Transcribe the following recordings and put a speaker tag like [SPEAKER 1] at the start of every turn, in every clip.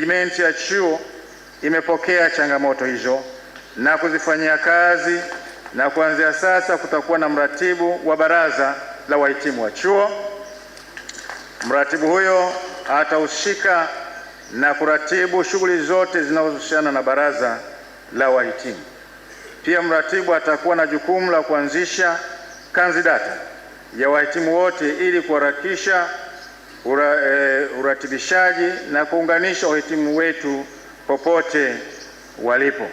[SPEAKER 1] Menejimenti ya chuo imepokea changamoto hizo na kuzifanyia kazi, na kuanzia sasa kutakuwa na mratibu wa baraza la wahitimu wa chuo. Mratibu huyo atahusika na kuratibu shughuli zote zinazohusiana na baraza la wahitimu. Pia mratibu atakuwa na jukumu la kuanzisha kanzidata ya wahitimu wote ili kuharakisha ura, e, uratibishaji na kuunganisha wahitimu wetu popote walipo.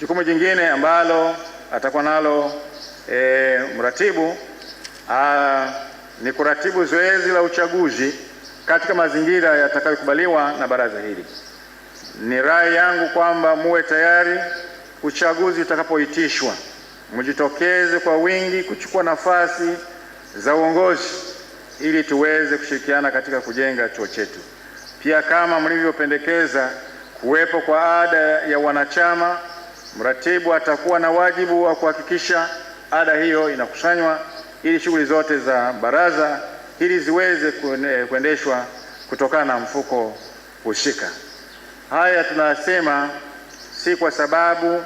[SPEAKER 1] Jukumu jingine ambalo atakuwa nalo e, mratibu a, ni kuratibu zoezi la uchaguzi katika mazingira yatakayokubaliwa na baraza hili. Ni rai yangu kwamba muwe tayari uchaguzi utakapoitishwa, mjitokeze kwa wingi kuchukua nafasi za uongozi ili tuweze kushirikiana katika kujenga chuo chetu. Pia kama mlivyopendekeza, kuwepo kwa ada ya wanachama, mratibu atakuwa na wajibu wa kuhakikisha ada hiyo inakusanywa ili shughuli zote za baraza ili ziweze kuendeshwa kutokana na mfuko husika. Haya tunasema si kwa sababu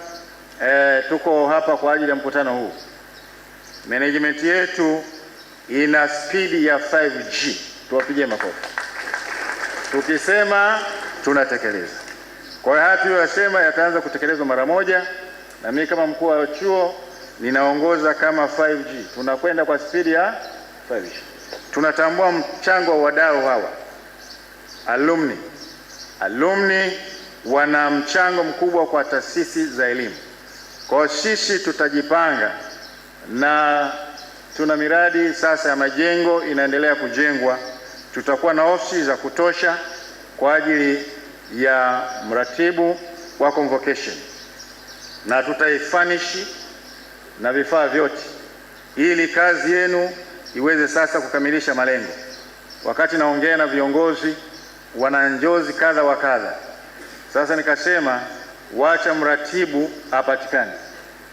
[SPEAKER 1] eh, tuko hapa kwa ajili ya mkutano huu. Management yetu ina spidi ya 5G. Tuwapigie makofi tukisema tunatekeleza. Kwa hiyo haya tuliyosema yataanza kutekelezwa mara moja, na mimi kama mkuu wa chuo ninaongoza kama 5G. Tunakwenda kwa spidi ya 5G. Tunatambua mchango wa wadau hawa alumni. Alumni wana mchango mkubwa kwa taasisi za elimu. Kwa hiyo sisi tutajipanga na Tuna miradi sasa ya majengo inaendelea kujengwa. Tutakuwa na ofisi za kutosha kwa ajili ya mratibu wa convocation na tutaifanishi na vifaa vyote ili kazi yenu iweze sasa kukamilisha malengo. Wakati naongea na viongozi wana njozi kadha wa kadha, sasa nikasema wacha mratibu apatikane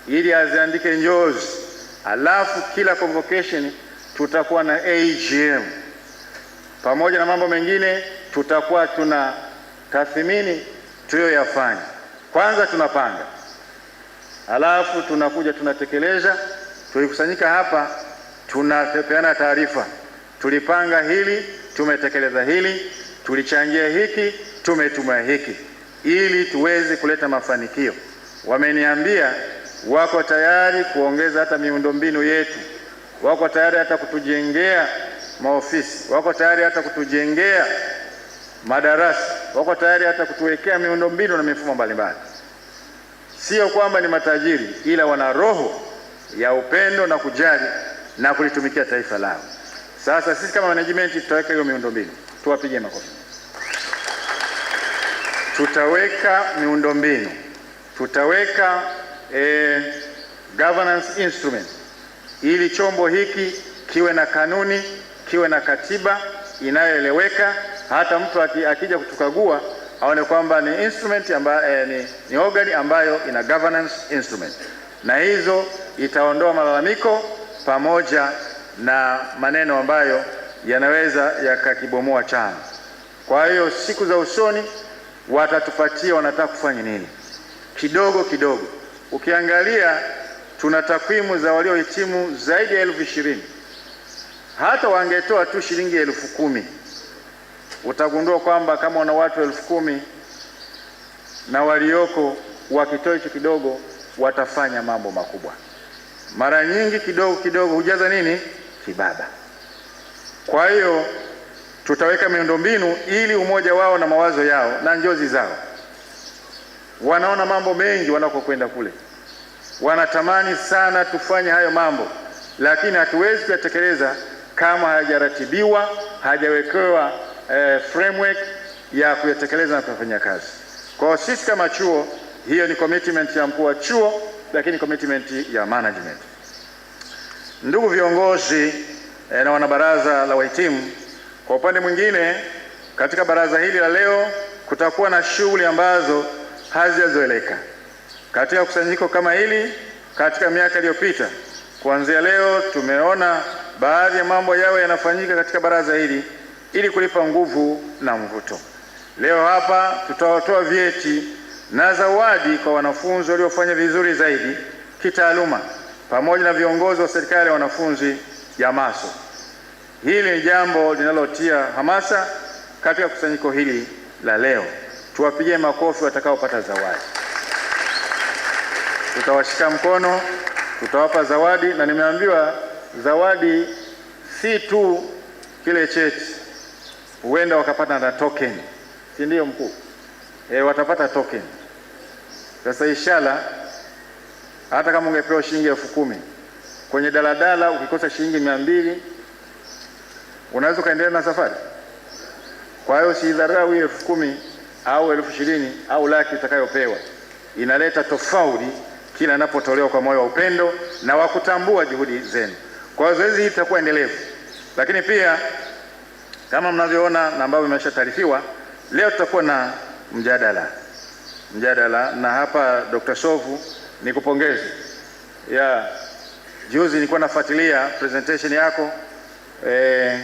[SPEAKER 1] ili aziandike njozi alafu kila convocation tutakuwa na AGM pamoja na mambo mengine, tutakuwa tuna tathmini tuliyoyafanya. Kwanza tunapanga, alafu tunakuja tunatekeleza. Tulikusanyika hapa, tunapeana taarifa, tulipanga hili, tumetekeleza hili, tulichangia hiki, tumetumia hiki, ili tuweze kuleta mafanikio. Wameniambia wako tayari kuongeza hata miundombinu yetu, wako tayari hata kutujengea maofisi, wako tayari hata kutujengea madarasa, wako tayari hata kutuwekea miundombinu na mifumo mbalimbali. Sio kwamba ni matajiri, ila wana roho ya upendo na kujali na kulitumikia taifa lao. Sasa sisi kama management tutaweka hiyo miundombinu, tuwapige makofi. Tutaweka miundombinu, tutaweka eh, governance instrument ili chombo hiki kiwe na kanuni, kiwe na katiba inayoeleweka, hata mtu akija kutukagua aone kwamba ni instrument amba, eh, ni, ni organ ambayo ina governance instrument, na hizo itaondoa malalamiko pamoja na maneno ambayo yanaweza yakakibomoa chama. Kwa hiyo siku za usoni watatupatia wanataka kufanya nini, kidogo kidogo. Ukiangalia tuna takwimu za waliohitimu zaidi ya elfu ishirini. Hata wangetoa tu shilingi elfu kumi utagundua kwamba kama una watu elfu kumi na walioko wakitoa hicho kidogo watafanya mambo makubwa. Mara nyingi kidogo kidogo hujaza nini kibaba. Kwa hiyo tutaweka miundombinu ili umoja wao na mawazo yao na njozi zao, wanaona mambo mengi wanakokwenda kule wanatamani sana tufanye hayo mambo, lakini hatuwezi kuyatekeleza kama hayajaratibiwa, hajawekewa eh, framework ya kuyatekeleza na kuyafanyia kazi. Kwa hiyo sisi kama chuo, hiyo ni commitment ya mkuu wa chuo, lakini commitment ya management. Ndugu viongozi eh, na wanabaraza la wahitimu, kwa upande mwingine, katika baraza hili la leo kutakuwa na shughuli ambazo hazijazoeleka. Katika kusanyiko kama hili katika miaka iliyopita, kuanzia leo tumeona baadhi ya mambo yawe yanafanyika katika baraza hili ili kulipa nguvu na mvuto. Leo hapa tutawatoa vyeti na zawadi kwa wanafunzi waliofanya vizuri zaidi kitaaluma pamoja na viongozi wa serikali ya wanafunzi ya maso. Hili ni jambo linalotia hamasa katika kusanyiko hili la leo. Tuwapigie makofi watakaopata zawadi tutawashika mkono, tutawapa zawadi, na nimeambiwa zawadi si tu kile cheti, huenda wakapata na token, si ndio mkuu? E, watapata token. Sasa inshallah, hata kama ungepewa shilingi elfu kumi kwenye daladala, ukikosa shilingi mia mbili unaweza ukaendelea na safari. Kwa hiyo sidharau hiyo elfu kumi au elfu ishirini au laki utakayopewa, inaleta tofauti kila anapotolewa kwa moyo wa upendo na wa kutambua juhudi zenu. Kwa hiyo zoezi hili litakuwa endelevu, lakini pia kama mnavyoona na ambavyo imeshataarifiwa leo, tutakuwa na mjadala mjadala, na hapa Dr. Shovu ni ya juzi, nilikuwa nafuatilia presentation yako eh,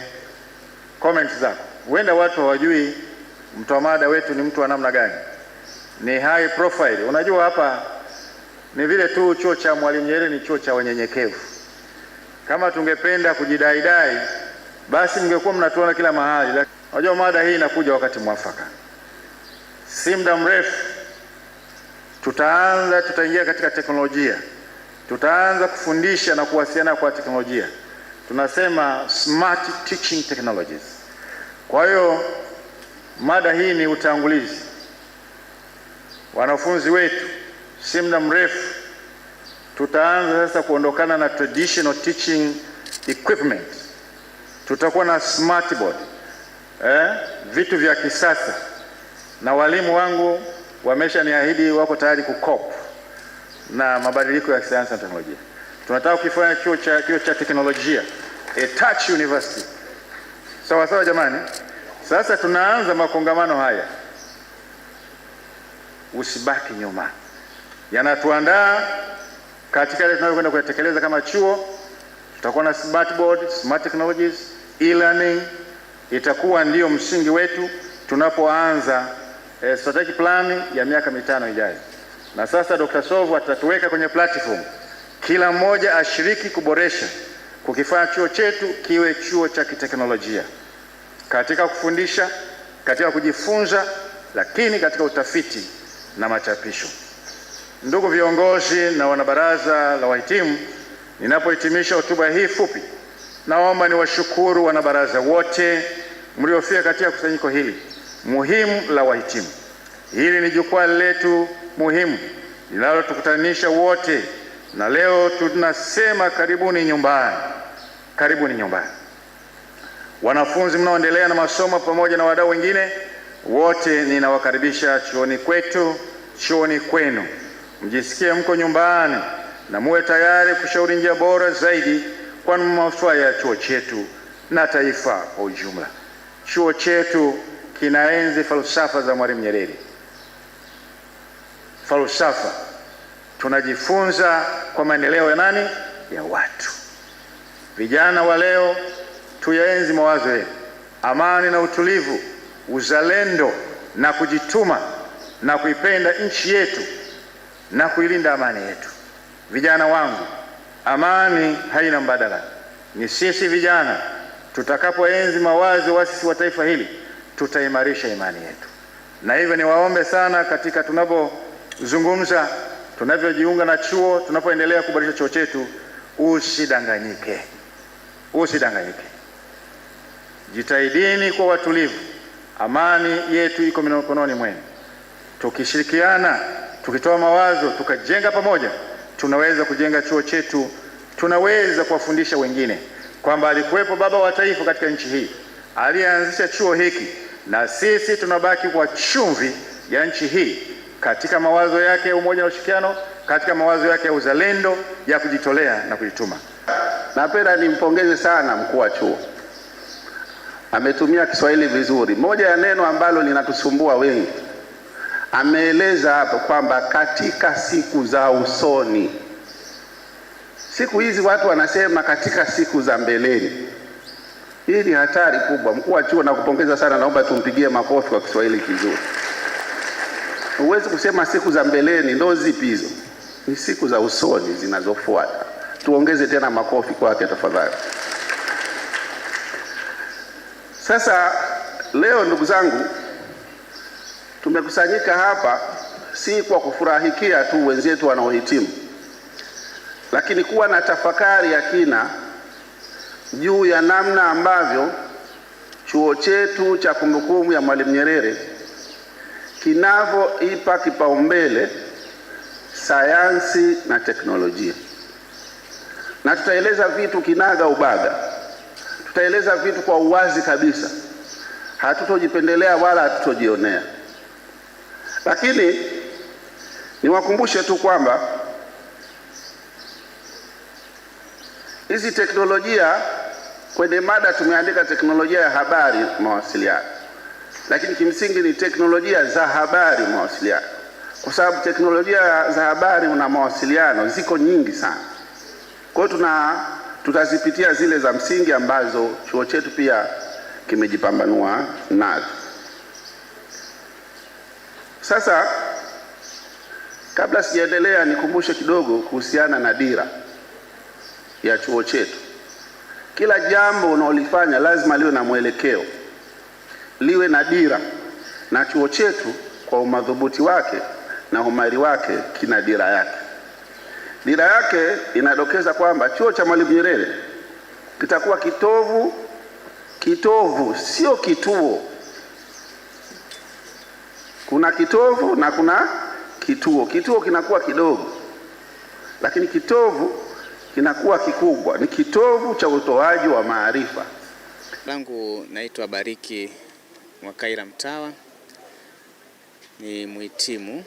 [SPEAKER 1] comments zako. Huenda watu hawajui mtoa mada wetu ni mtu wa namna gani, ni high profile. Unajua hapa ni vile tu chuo cha Mwalimu Nyerere ni chuo cha wenyenyekevu Kama tungependa kujidaidai, basi mngekuwa mnatuona kila mahali. Unajua, mada hii inakuja wakati mwafaka, si muda mrefu tutaanza, tutaingia katika teknolojia, tutaanza kufundisha na kuwasiliana kwa teknolojia, tunasema smart teaching technologies. Kwa hiyo mada hii ni utangulizi, wanafunzi wetu Si muda mrefu tutaanza sasa kuondokana na traditional teaching equipment, tutakuwa na smart board eh, vitu vya kisasa, na walimu wangu wameshaniahidi wako tayari kukop na mabadiliko ya sayansi na teknolojia. Tunataka kukifanya chuo cha, chuo cha teknolojia a touch university, sawa sawa jamani. Sasa tunaanza makongamano haya, usibaki nyuma yanatuandaa katika ile tunayokwenda kuyatekeleza kama chuo. Tutakuwa na smart board, smart technologies, e-learning itakuwa ndiyo msingi wetu tunapoanza eh, strategic plan ya miaka mitano ijayo. Na sasa Dr. Sovu atatuweka kwenye platform, kila mmoja ashiriki kuboresha kukifanya chuo chetu kiwe chuo cha kiteknolojia katika kufundisha, katika kujifunza, lakini katika utafiti na machapisho. Ndugu viongozi na wanabaraza la wahitimu, ninapohitimisha hotuba hii fupi, naomba niwashukuru wanabaraza wote mliofika katika kusanyiko hili muhimu la wahitimu. Hili ni jukwaa letu muhimu linalotukutanisha wote, na leo tunasema karibuni nyumbani, karibuni nyumbani. Wanafunzi mnaoendelea na masomo pamoja na wadau wengine wote, ninawakaribisha chuoni kwetu, chuoni kwenu mjisikie mko nyumbani na muwe tayari kushauri njia bora zaidi kwa manufaa ya chuo chetu na taifa kwa ujumla. Chuo chetu kinaenzi falsafa za Mwalimu Nyerere. Falsafa tunajifunza kwa maendeleo ya nani? Ya watu. Vijana wa leo, tuyaenzi mawazo yenu, amani na utulivu, uzalendo na kujituma na kuipenda nchi yetu na kuilinda amani yetu. Vijana wangu, amani haina mbadala. Ni sisi vijana tutakapoenzi mawazo waasisi wa taifa hili tutaimarisha imani yetu, na hivyo niwaombe sana katika tunapozungumza, tunavyojiunga na chuo, tunapoendelea kubadilisha chuo chetu, usidanganyike, usidanganyike. Jitahidini kwa watulivu, amani yetu iko mikononi mwenu, tukishirikiana tukitoa mawazo, tukajenga pamoja, tunaweza kujenga chuo chetu, tunaweza kuwafundisha wengine kwamba alikuwepo baba wa taifa katika nchi hii aliyeanzisha chuo hiki, na sisi tunabaki kwa chumvi ya nchi hii katika mawazo yake ya umoja na ushirikiano, katika mawazo yake ya uzalendo, ya kujitolea na kujituma. Napenda nimpongeze sana mkuu wa chuo, ametumia Kiswahili vizuri. Moja ya neno ambalo linatusumbua wengi ameeleza hapo kwamba katika siku za usoni. Siku hizi watu wanasema katika siku za mbeleni. Hii ni hatari kubwa. Mkuu wa chuo, nakupongeza sana, naomba tumpigie makofi kwa Kiswahili kizuri. Huwezi kusema siku za mbeleni, ndo zipi hizo? Ni siku za usoni zinazofuata. Tuongeze tena makofi kwake tafadhali. Sasa leo ndugu zangu Tumekusanyika hapa si kwa kufurahikia tu wenzetu wanaohitimu, lakini kuwa na tafakari ya kina juu ya namna ambavyo chuo chetu cha kumbukumbu ya Mwalimu Nyerere kinavyoipa kipaumbele sayansi na teknolojia, na tutaeleza vitu kinaga ubaga, tutaeleza vitu kwa uwazi kabisa, hatutojipendelea wala hatutojionea. Lakini niwakumbushe tu kwamba hizi teknolojia, kwenye mada tumeandika teknolojia ya habari mawasiliano, lakini kimsingi ni teknolojia za habari mawasiliano, kwa sababu teknolojia za habari na mawasiliano ziko nyingi sana. Kwa hiyo tuna tutazipitia zile za msingi ambazo chuo chetu pia kimejipambanua nazo. Sasa kabla sijaendelea, nikumbushe kidogo kuhusiana na dira ya chuo chetu. Kila jambo unaolifanya lazima liwe na mwelekeo, liwe na dira, na chuo chetu kwa umadhubuti wake na umari wake kina dira yake. Dira yake inadokeza kwamba chuo cha Mwalimu Nyerere kitakuwa kitovu, kitovu sio kituo kuna kitovu na kuna kituo. Kituo kinakuwa kidogo, lakini kitovu kinakuwa kikubwa, ni kitovu cha utoaji wa maarifa.
[SPEAKER 2] Langu naitwa Bariki Mwakaira Mtawa, ni mhitimu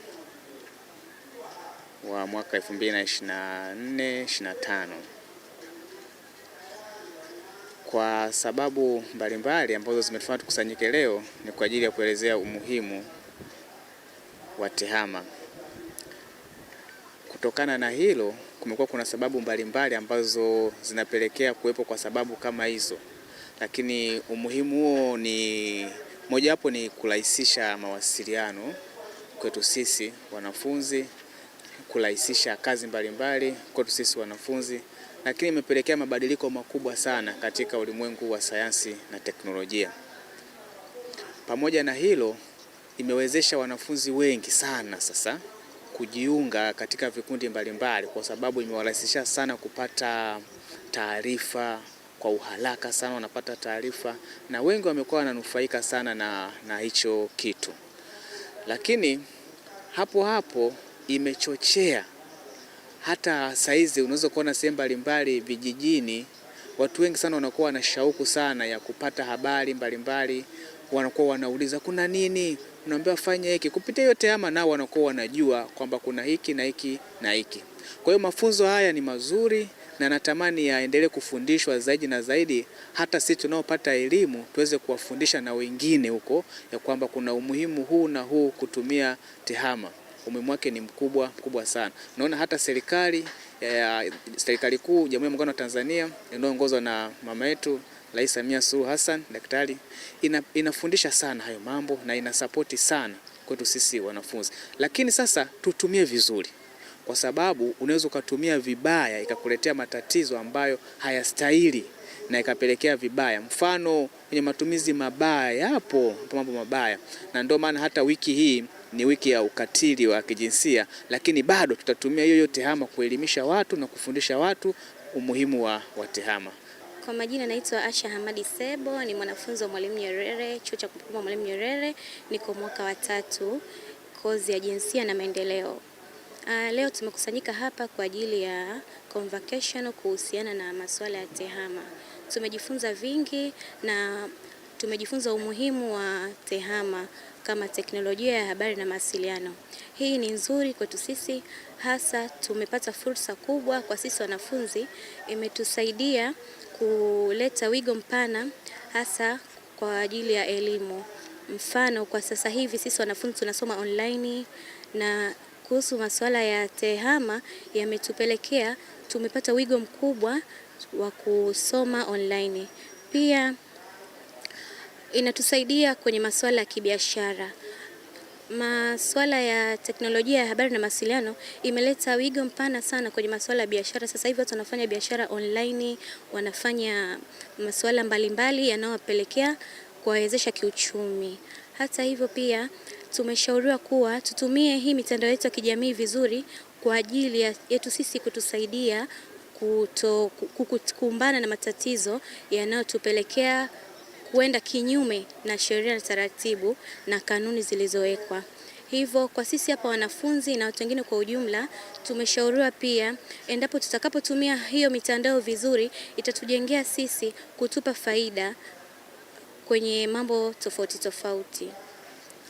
[SPEAKER 2] wa mwaka 2024 25 kwa sababu mbalimbali ambazo zimetufanya tukusanyike leo ni kwa ajili ya kuelezea umuhimu wa TEHAMA. Kutokana na hilo, kumekuwa kuna sababu mbalimbali mbali ambazo zinapelekea kuwepo kwa sababu kama hizo, lakini umuhimu huo ni mojawapo ni kurahisisha mawasiliano kwetu sisi wanafunzi, kurahisisha kazi mbalimbali kwetu sisi wanafunzi, lakini imepelekea mabadiliko makubwa sana katika ulimwengu wa sayansi na teknolojia. Pamoja na hilo imewezesha wanafunzi wengi sana sasa kujiunga katika vikundi mbalimbali, kwa sababu imewarahisisha sana kupata taarifa kwa uharaka sana, wanapata taarifa na wengi wamekuwa wananufaika sana na, na hicho kitu. Lakini hapo hapo imechochea hata saizi unaweza kuona sehemu mbalimbali vijijini, watu wengi sana wanakuwa na shauku sana ya kupata habari mbalimbali, wanakuwa wanauliza kuna nini, unaambiwa fanya hiki. Kupitia hiyo tehama, nao wanakuwa wanajua kwamba kuna hiki na hiki na hiki. Kwa hiyo mafunzo haya ni mazuri na natamani yaendelee kufundishwa zaidi na zaidi, hata sisi tunaopata elimu tuweze kuwafundisha na wengine huko, ya kwamba kuna umuhimu huu na huu kutumia tehama. Umuhimu wake ni mkubwa mkubwa sana. Naona hata serikali eh, serikali kuu, Jamhuri ya Muungano wa Tanzania inayoongozwa na mama yetu Rais Samia Suluhu Hassan daktari ina, inafundisha sana hayo mambo na inasapoti sana kwetu sisi wanafunzi, lakini sasa tutumie vizuri, kwa sababu unaweza ukatumia vibaya ikakuletea matatizo ambayo hayastahili na ikapelekea vibaya. Mfano kwenye matumizi mabaya, yapo mambo mabaya, na ndio maana hata wiki hii ni wiki ya ukatili wa kijinsia, lakini bado tutatumia hiyo yote hama kuelimisha watu na kufundisha watu umuhimu wa, wa tehama.
[SPEAKER 3] Kwa majina naitwa Asha Hamadi Sebo, ni mwanafunzi wa Mwalimu Nyerere, chuo cha kumbukumbu Mwalimu Nyerere, niko mwaka wa tatu, kozi ya jinsia na maendeleo. Uh, leo tumekusanyika hapa kwa ajili ya convocation kuhusiana na masuala ya tehama. Tumejifunza vingi na tumejifunza umuhimu wa tehama kama teknolojia ya habari na mawasiliano. Hii ni nzuri kwetu sisi, hasa tumepata fursa kubwa kwa sisi wanafunzi, imetusaidia kuleta wigo mpana hasa kwa ajili ya elimu. Mfano, kwa sasa hivi sisi wanafunzi tunasoma online na kuhusu masuala ya tehama yametupelekea tumepata wigo mkubwa wa kusoma online. Pia inatusaidia kwenye masuala ya kibiashara. Masuala ya teknolojia ya habari na mawasiliano imeleta wigo mpana sana kwenye masuala ya biashara. Sasa hivi watu wanafanya biashara online, wanafanya masuala mbalimbali yanayowapelekea kuwawezesha kiuchumi. Hata hivyo, pia tumeshauriwa kuwa tutumie hii mitandao yetu ya kijamii vizuri kwa ajili yetu sisi kutusaidia kuto kukumbana na matatizo yanayotupelekea kuenda kinyume na sheria na taratibu na kanuni zilizowekwa. Hivyo kwa sisi hapa wanafunzi na watu wengine kwa ujumla, tumeshauriwa pia, endapo tutakapotumia hiyo mitandao vizuri, itatujengea sisi kutupa faida kwenye mambo tofauti tofauti.